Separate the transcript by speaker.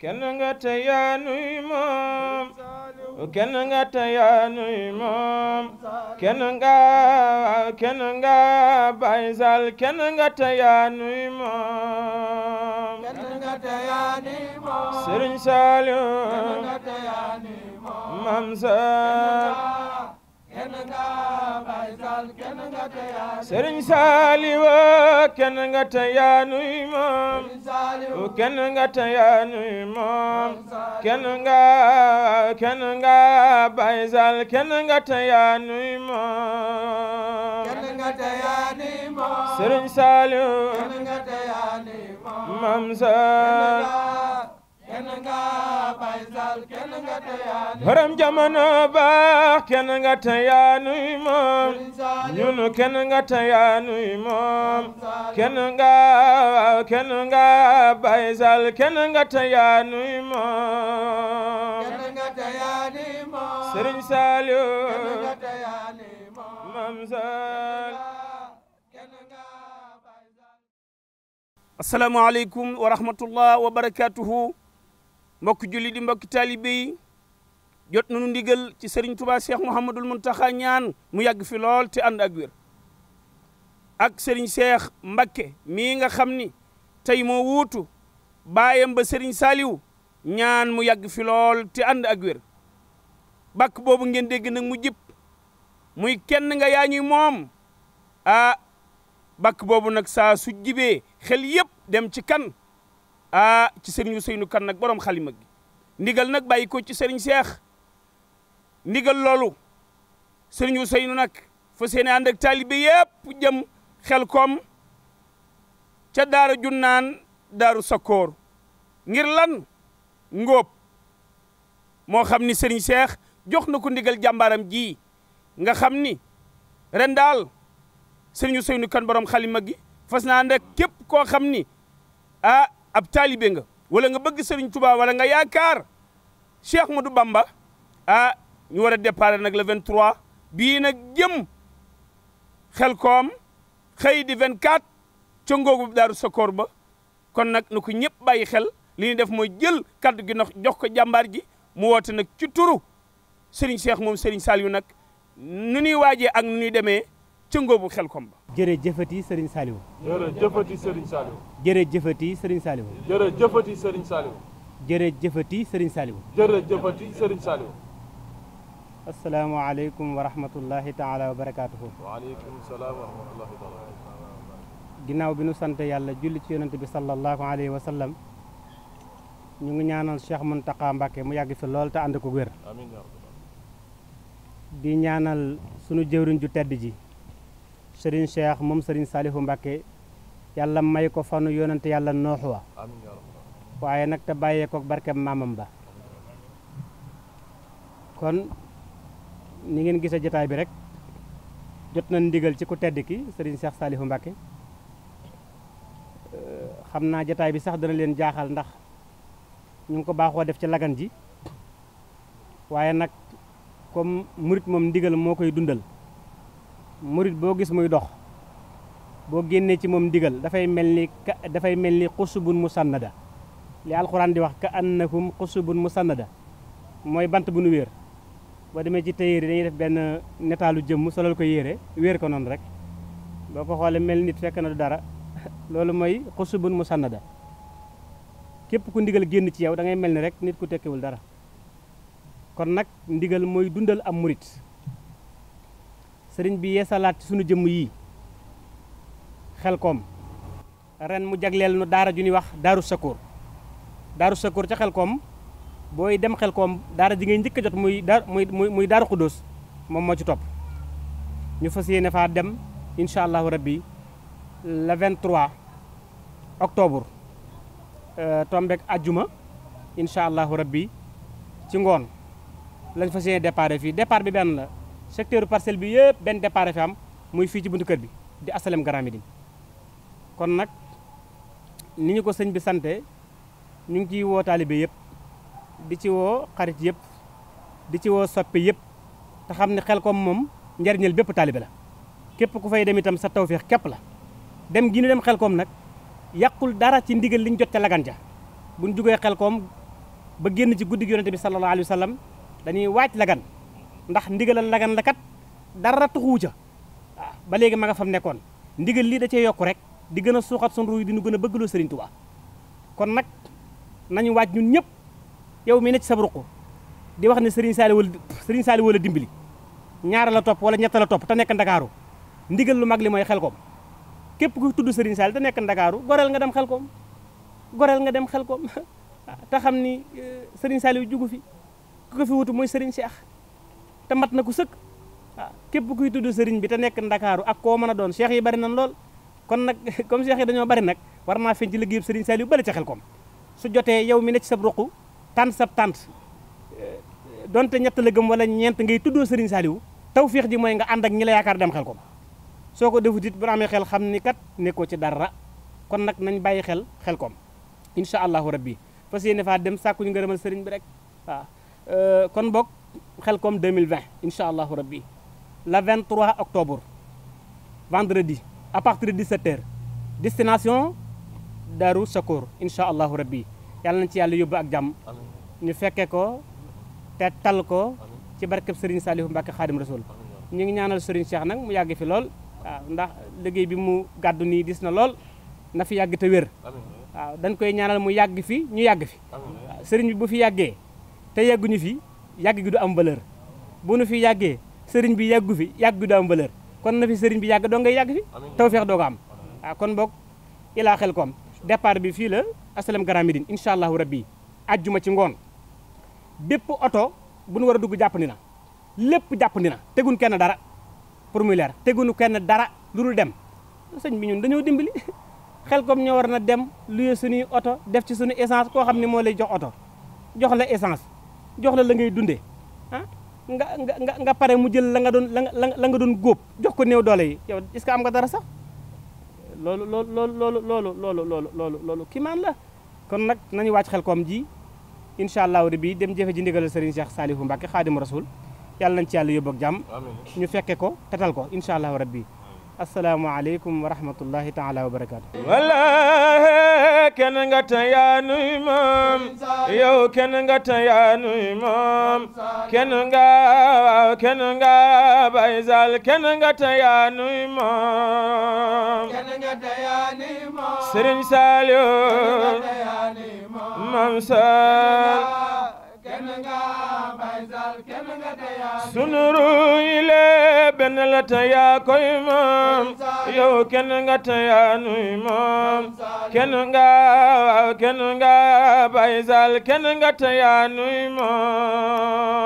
Speaker 1: kenn nga te yaa nuy moom kenn nga te yaa nuy moom kenn nga kenn nga kenn nga te yaa nuy moom Sëriñ Saliou Mam Sall sëriñ saaliwa kenn nga te moom kenn nga te yaa moom kenn nga kenn nga moom sëriñ borom jamono baax kenn nga te yaanuy moom ñun kenn nga te yaanuy moom kenn nga kenn nga Baay Sal kenn nga te yaanuy moom Sëriñ Saliou Maam Sal
Speaker 2: asalaamaaleykum wa rahmatullah wa mbokk julli di mbokk taalibe yi jot nañu ndigal ci Serigne Touba Cheikh Mouhamadul Mountakha ñaan mu yàgg fi lool te ànd ak wér ak sëriñ seex Mbakke mii nga xam ni tey moo wuutu baayam ba sëriñ saaliw ñaan mu yàgg fi lool te ànd ak wér bakk boobu ngeen dégg nag mu jib muy kenn nga yaa moom ah bakk boobu nag saa su jibee xel yëpp dem ci kan ah ci sëriñ Ousseynou Kane nag borom xalima gi ndigal nag bàyyi ko ci sëriñ Seex ndigal loolu sëriñ Ousseynou nag fa seeni ànd ak taalibe yëpp jëm xel koom ca daara junnaan daaru sakoor ngir lan ngóob moo xam ni sëriñ Seex jox na ko ndigal jàmbaaram ji nga xam ni ren daal sëriñ Ousseynou Kane borom xalima gi fas naa ànd ak képp koo xam ni ah ab taalibe nga wala nga bëgg Serigne Touba wala nga yaakaar Cheikh du Bamba ah ñu war a départ nag le 23 bii nag jëm xel koom xëy di 24 ca ngoogu daaru Sakkoor ba kon nag nu ko ñëpp bàyyi xel li ñuy def mooy jël kaddu gi ndox jox ko jàmbaar ji mu woote nag ci turu Serigne Cheikh moom Serigne Saliou nag nu ñuy waajee ak nu ñuy demee. ca ngóobu xel kom ba
Speaker 3: jërëjëfati sëriñ Saliou
Speaker 2: jërëjëfati sëriñ Saliou
Speaker 3: jërëjëfati sëriñ Saliou
Speaker 2: jërëjëfati sëriñ Saliou
Speaker 3: sëriñ Saliou jërëjëfati sëriñ wa rahmatullahi taala wa barakaatuhu
Speaker 2: waaleykum
Speaker 3: bi nu sant yàlla julli ci yonent bi sallallahu alayhi wa sallam ñu ngi ñaanal Cheikh Mountakha Mbacké mu yàgg fi lool te ànd ko wér di ñaanal sunu jëwriñ ju tedd ji Serigne Cheikh moom Serigne saalifu Mbacke yàlla may ko fanu yoonante yàlla nooxu wa waaye nag te bàyyee ko barkeb maamam ba kon ni ngeen gisee jataay bi rek jot na ndigal ci ku tedd ki Serigne Cheikh Saliou Mbacke euh, xam naa jataay bi sax dana leen jaaxal ndax ñu ngi ko baaxoo def ci lagan ji waaye nag comme murit moom ndigal moo koy dundal murit boo gis muy dox boo génnee ci moom ndigal dafay mel ni ka dafay mel ni bun musannada li alxuraan di wax ka annakum xusubun musannada mooy bant bu nu wéer boo demee ci téyeer yi dañuy def benn netaalu jëmm solal ko yére wéer ko noonu rek boo ko xoolee mel nit fekk na du dara loolu mooy xusubun musannada képp ku ndigal génn ci yow da ngay mel ni rek nit ku tekkiwul dara kon nag ndigal mooy dundal am murit sëriñ bi yeesalaat ci sunu jëmm yi koom ren mu jagleel nu daara ju ñuy wax daaru sakoor daaru sakoor ca xel koom booy dem xel xelkoom daara ji ngay njëkk a jot muy daar muy muy daaru xudóos moom moo ci topp ñu fas yéene faa dem incha allahu rabbi le 23 octobre euh, tombeek ajjuma incha allahu rabbi ci ngoon lañ fas yéene départ fii départ bi benn la secteur parcelle bi yëpp benn départ fi am muy fii ci buntu kër bi di asalem Grand Médine kon nag ni ñu ko sëñ bi sante ñu ngi ciy woo taalibe yëpp di ci woo xarit yëpp di ci woo soppe yëpp te xam ne xel kom moom njariñal bépp taalibe la képp ku fay dem itam sa tawféex képp la dem gi ñu dem xel koom nag yàqul dara ci ndigal liñ jot ca lagan bu buñ jugee xel koom ba génn ci guddi gi bi sallallahu alayhi wa dañuy waaj lagan ndax ndigalal lagan la kat dara tuxuu ca ah, ba léegi ma nga fam nekkoon ndigal lii da cee yokku rek di gën a suuxat sun ruuy di nu gën a bëggloo Sëriñ Tuubaa kon nag nañu waaj ñun ñëpp yow mii ne ci sa di wax ne Sëriñ Saali wala Sëriñ Saali wala dimbali ñaara la topp wala ñetta topp ta nekk ndakaaru ndigal lu mag li mooy xel xelkom képp ku tudd Sëriñ Saali te nekk ndakaaru goreel nga dem xelkom goreel nga dem xelkom ah, te xam ni eh, Sëriñ Saali yu jugu fi ku mooy Sëriñ Cheikh te mat na ko sëkk waaw ah, képp kuy tudd sëriñ bi te nekk ndakaaru ak koo mën a doon cheikh yi bari nan lool kon nag comme cheikh yi dañoo bari nag war naa feeñ ci liggéeyub sëriñ Saliou bële ca Xelkom su jotee yow mi ne ci sab ruq tànt sab tànt eh, donte ñett la gëm wala ñeent ngay tuddoo sëriñ Saliou tawféex ji mooy nga ànd ak ñi la yaakaar dem Xelkom soo ko defut it bu amee xel xam ni kat nekkoo ci dara kon nag nañ bàyyi xel Xelkom incha allahu rabbi fas yéene faa dem nga ngërëmal sëriñ bi rek ah, eh, kon bokk Xelkom 2020 incha allahu rabbi le 23 octobre vendredi à partir de 17h destination Darou Sakour incha allahu rabbi yàlla nañ ci yàlla yóbbu ak jàmm ñu fekkee ko te tal ko ci barkeb Serigne Saliou Mbacke Khadim Rasoul ñu ngi ñaanal Serigne seex nag mu yàgg fi lool waaw ndax liggéey bi mu gàddu nii dis na lool na fi yàgg te wér waaw dañ koy ñaanal mu yàgg fi ñu yàgg fi Serigne bi bu fi yàggee te yàgguñu fi. yàgg gi du am valeur bu nu fi yàggee sëriñ bi yàggu fi yàgg gi du am valeur kon na fi sëriñ bi yàgg doo ngay yàgg fi tawfeex doo ko am waaw ah, kon boog ilaa xel koom départ bi fii la asalam Grand Médine incha allahu rabbi ajjuma ci ngoon bépp oto bu nu war a dugg jàppandi na lépp jàpp jàppandi na teguñ kenn dara pour muy leer teguñu kenn dara lu dul dem sëñ bi ñun dañoo dimbali xel koom ñoo war na dem luye suñuy oto def ci suñu essence koo xam ne moo lay jox oto jox la essence jox la la ngay dundee ah nga nga nga pare mu jël la nga doon la nga la nga doon góob jox ko néew doole yi yow est am nga dara sax loolu loolu loolu loolu loolu loolu loolu loolu kii maan la kon nag nañu wàcc xel koom ji incha allahu rabi dem jëfe ji ndigalal Serigne Cheikh Salihou Mbacke xaadimu rasul yàlla nañ ci yàlla yóbbu ak jàmm ñu fekke ko tetal ko incha allahu rabi asalaamaaleykum wa rahmatullahi taala wa barakaatu
Speaker 1: wala kenn nga moom yow kenn nga ta yaanuy moom kenn nga bay sal kenn nga ta yaanuy moom Sëriñ Saliou moom sal sunu ruy lee benn la te yaa koy moom yow kenn nga te yaa nuy moom kenn nga kenn nga Baye Sall kenn nga te yaa nuy moom